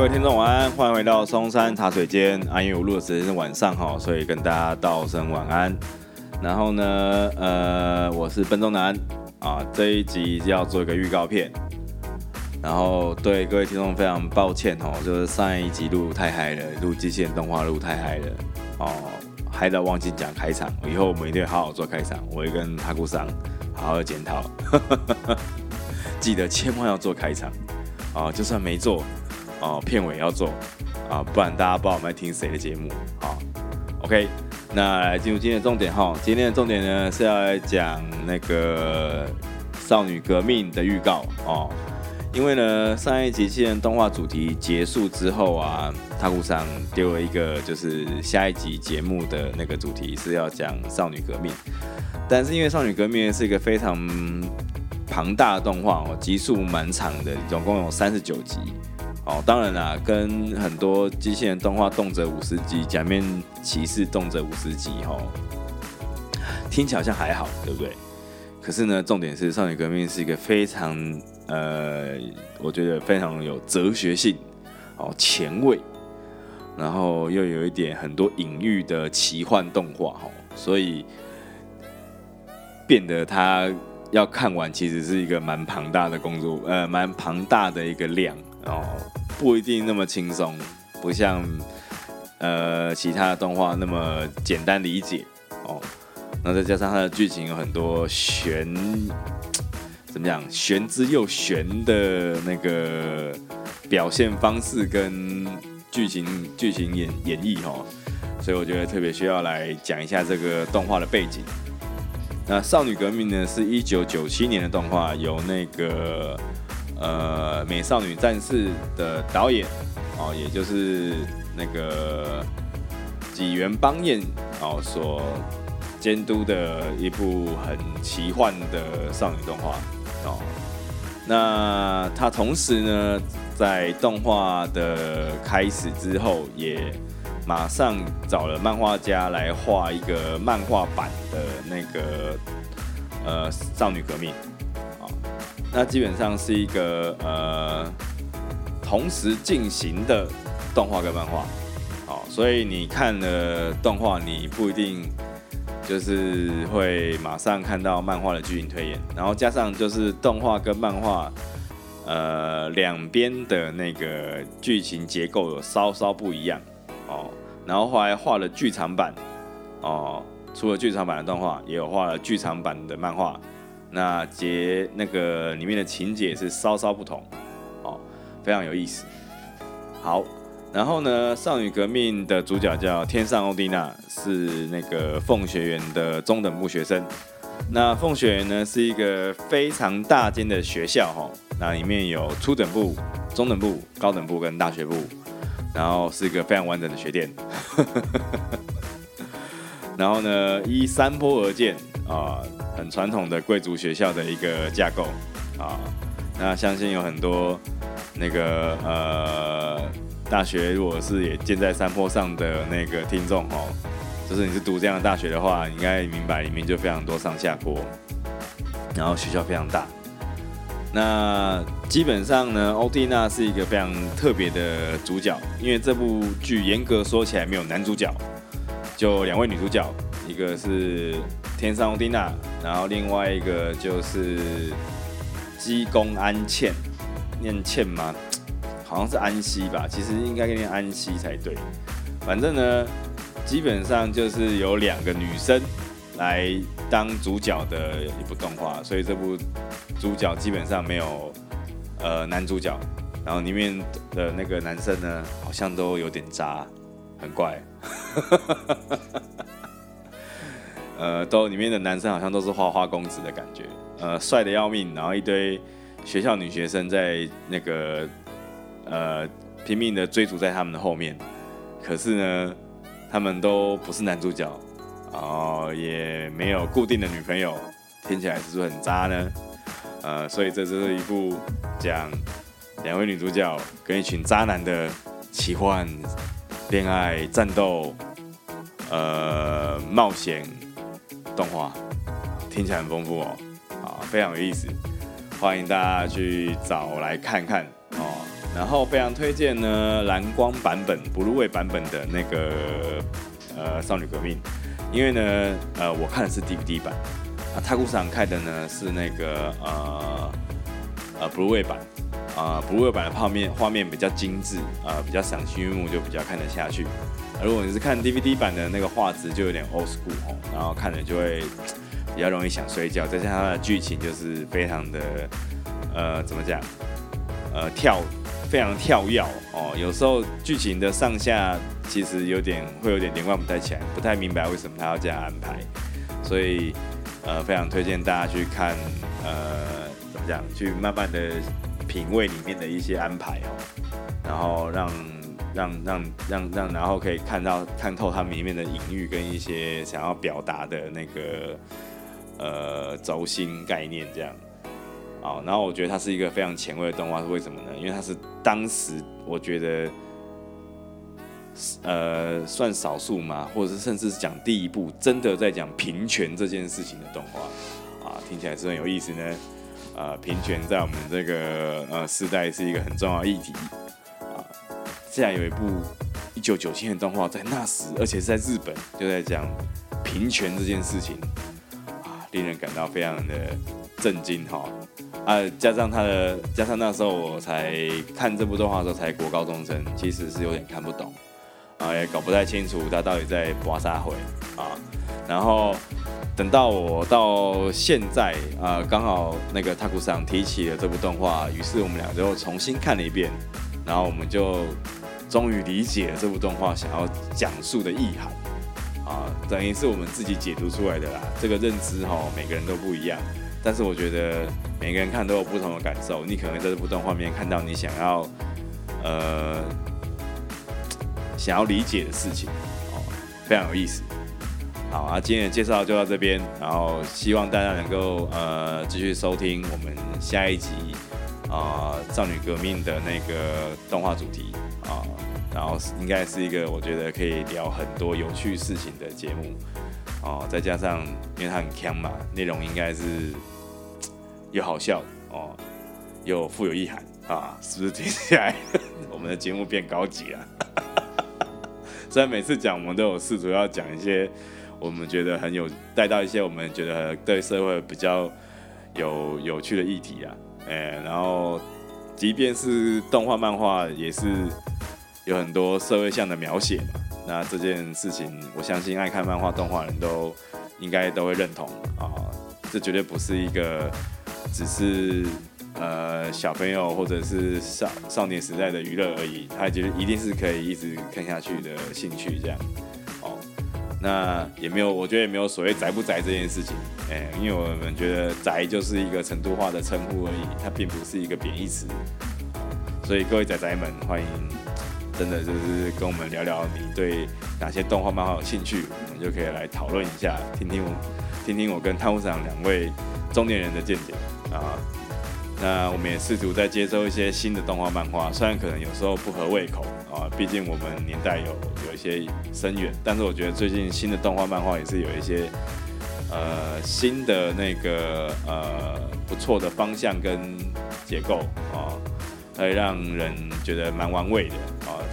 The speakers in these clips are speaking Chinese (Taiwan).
各位聽眾晚安，歡迎回到松山茶水間。因為錄的時間是晚上哈，所以跟大家道聲晚安。然後呢，呃，我是笨中男啊。這一集要做一個預告片。然後對各位聽眾非常抱歉，就是上一集錄太嗨了，錄機器人動畫錄太嗨了哦，嗨、啊、到忘記講開場。以後我們一定會好好做開場，我會跟哈古桑好好檢討， 記得千萬要做開場、啊、就算沒做。哦，片尾要做啊，不然大家不知道我們要聽誰的節目哦。OK，那進入今天的重點哈，今天的重點呢是要來講那個《少女革命》的預告哦。因為呢，上一集既然動畫主題結束之後啊，他路上丟了一個，就是下一集節目的那個主題是要講《少女革命》，但是因為《少女革命》是一個非常龐大的動畫哦，集數蠻長的，總共有三十九集。哦，當然啦，跟很多機器人動畫動輒五十集，《假面騎士》動輒五十集，哦，聽起來好像還好，對不對？可是呢，重點是《少女革命》是一個非常呃，我覺得非常有哲學性哦，前衛，然後又有一點很多隱喻的奇幻動畫，所以變得它要看完其實是一個蠻龐大的工作，呃，蠻龐大的一個量。哦，不一定那麼輕鬆，不像呃其他的動畫那麼簡單理解哦。那再加上它的劇情有很多懸，怎麼講？懸之又懸的那個表現方式跟劇情劇情演演繹哦，所以我覺得特別需要來講一下這個動畫的背景。那《少女革命》呢，是一九九七年的動畫，由那個。呃，美少女戰士的導演哦，也就是那個幾原邦彥哦所監督的一部很奇幻的少女動畫哦。那他同時呢，在動畫的開始之後，也馬上找了漫畫家來畫一個漫畫版的那個呃少女革命。那基本上是一個呃，同時進行的動畫跟漫畫，哦，所以你看了動畫，你不一定就是會馬上看到漫畫的劇情推演，然後加上就是動畫跟漫畫，呃，兩邊的那個劇情結構有稍稍不一樣，哦，然後後來畫了劇場版，哦，除了劇場版的動畫，也有畫了劇場版的漫畫。那節那個裡面的情節也是稍稍不同，哦，非常有意思。好，然後呢，《少女革命》的主角叫天上歐蒂娜，是那個鳳學園的中等部學生。那鳳學園呢，是一個非常大間的學校，哈、哦，那裡面有初等部、中等部、高等部跟大學部，然後是一個非常完整的學店。 然後呢，依山坡而建啊。哦。很傳統的貴族學校的一個架構啊，那相信有很多那個呃大學，如果是也建在山坡上的那個聽眾哦、喔，就是你是讀這樣的大學的話，你應該明白裡面就非常多上下坡，然後學校非常大。那基本上呢，歐蒂娜是一個非常特別的主角，因為這部劇嚴格說起來沒有男主角，就兩位女主角，一個是。天上歐蒂娜，然後另外一個就是姬宮安茜，念茜嗎？好像是安茜吧，其實應該念安茜才對。反正呢，基本上就是有兩個女生來當主角的一部動畫，所以這部主角基本上沒有呃男主角。然後裡面的那個男生呢，好像都有點渣，很怪。 呃，都裡面的男生好像都是花花公子的感覺，呃，帥的要命，然後一堆學校女學生在那個呃拼命的追逐在他們的後面，可是呢，他們都不是男主角，然、哦、後也沒有固定的女朋友，聽起來是不是很渣呢？呃，所以這就是一部講兩位女主角跟一群渣男的奇幻戀愛戰鬥，呃，冒險。動畫聽起來很豐富哦，啊，非常有意思，歡迎大家去找來看看哦、啊。然後非常推薦呢藍光版本、Blu-ray 版本的那個呃《少女革命》，因為呢呃我看的是 DVD 版，啊太古市場看的呢是那個呃呃 Blu-ray 版，啊 Blu-ray 版的泡面畫面比較精緻，啊、呃、比較賞心悅目，就比較看得下去。如果你是看 DVD 版的那個畫質就有點 old school 哦，然後看了就會比較容易想睡覺。再加上它的劇情就是非常的呃怎麼講呃跳，非常跳躍哦，有時候劇情的上下其實有點會有點連貫不太起來，不太明白為什麼他要這樣安排。所以，呃，非常推薦大家去看呃怎麼講，去慢慢的品味裡面的一些安排哦，然後讓。讓讓讓讓，然後可以看到看透它裡面的隱喻跟一些想要表達的那個呃軸心概念這樣，啊，然後我覺得它是一個非常前衛的動畫，是為什麼呢？因為它是當時我覺得呃算少數嘛，或者是甚至是講第一部真的在講平權這件事情的動畫啊，聽起來是很有意思呢。呃，平權在我們這個呃時代是一個很重要的議題。現在有一部一九九七年的動畫，在那時，而且是在日本，就在講平權這件事情，啊，令人感到非常的震驚哈、哦，啊，加上他的，加上那時候我才看這部動畫的時候才國高中生，其實是有點看不懂，啊，也搞不太清楚他到底在刮痧會，啊，然後等到我到現在，啊，剛好那個塔古桑提起了這部動畫，於是我們倆就重新看了一遍，然後我們就。終於理解了這部動畫想要講述的意涵，啊，等於是我們自己解讀出來的啦。這個認知哈、哦，每個人都不一樣。但是我覺得每個人看都有不同的感受。你可能在這部動畫裡面看到你想要呃想要理解的事情，哦，非常有意思。好啊，今天的介紹就到這邊，然後希望大家能夠呃繼續收聽我們下一集啊、呃《少女革命》的那個動畫主題。啊、哦，然後應該是一個我覺得可以聊很多有趣事情的節目哦，再加上因為它很強 a 嘛，內容應該是又好笑哦，又富有意涵啊，是不是聽起來我們的節目變高級了？雖然 每次講我們都有試圖要講一些我們覺得很有帶到一些我們覺得對社會比較有有趣的議題啊，哎，然後即便是動畫漫畫也是。有很多社會上的描寫嘛，那這件事情我相信愛看漫畫動畫人都應該都會認同啊、哦。這絕對不是一個只是呃小朋友或者是少少年時代的娛樂而已，他也覺得一定是可以一直看下去的興趣這樣。哦，那也沒有，我覺得也沒有所謂宅不宅這件事情，哎，因為我們覺得宅就是一個程度化的稱呼而已，它並不是一個貶義詞。所以各位宅宅們，歡迎。真的就是跟我們聊聊，你對哪些動畫漫畫有興趣，我們就可以來討論一下，聽聽我聽聽我跟湯部長兩位中年人的見解啊。那我們也試圖在接收一些新的動畫漫畫，雖然可能有時候不合胃口啊，畢竟我們年代有有一些深遠，但是我覺得最近新的動畫漫畫也是有一些呃新的那個呃不錯的方向跟結構啊，會讓人覺得蠻玩味的。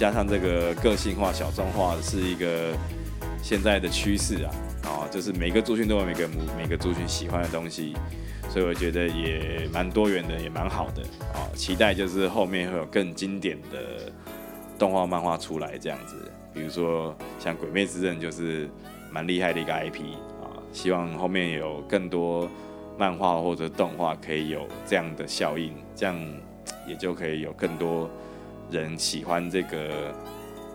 加上這個個性化、小眾化是一個現在的趨勢啊，啊、哦，就是每個族群都有每個母每個族群喜歡的東西，所以我覺得也蠻多元的，也蠻好的啊、哦。期待就是後面會有更經典的動畫、漫畫出來這樣子，比如說像《鬼滅之刃》就是蠻厲害的一個 IP 啊、哦，希望後面有更多漫畫或者動畫可以有這樣的效應，這樣也就可以有更多。人喜歡這個，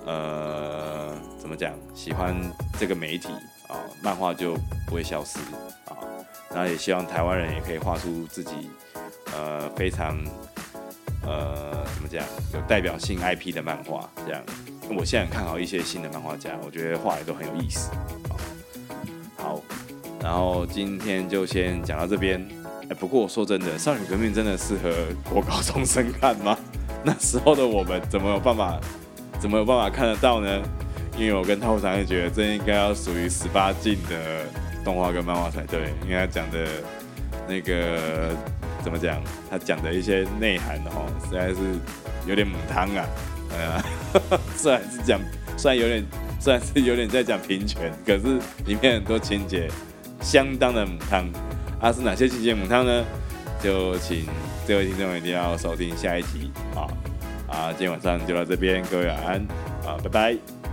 呃，怎麼講？喜歡這個媒體啊、哦，漫畫就不會消失啊、哦。然後也希望台灣人也可以畫出自己，呃，非常，呃，怎麼講？有代表性 IP 的漫畫這樣。我現在看好一些新的漫畫家，我覺得畫的都很有意思、哦、好，然後今天就先講到這邊。哎，不過說真的，《少女革命》真的適合國高中生看嗎？那時候的我們怎麼有辦法，怎麼有辦法看得到呢？因為我跟太虎常覺得這應該要屬於十八禁的動畫跟漫畫才對，因為他講的，那個怎麼講？他講的一些內涵哦，實在是有點母湯啊，啊呵呵，雖然是講，雖然有點，雖然是有點在講平權，可是裡面很多情節相當的母湯。啊，是哪些情節母湯呢？就請這位聽眾一定要收聽下一集。好，啊，今天晚上就到這邊，各位晚安，啊，拜拜。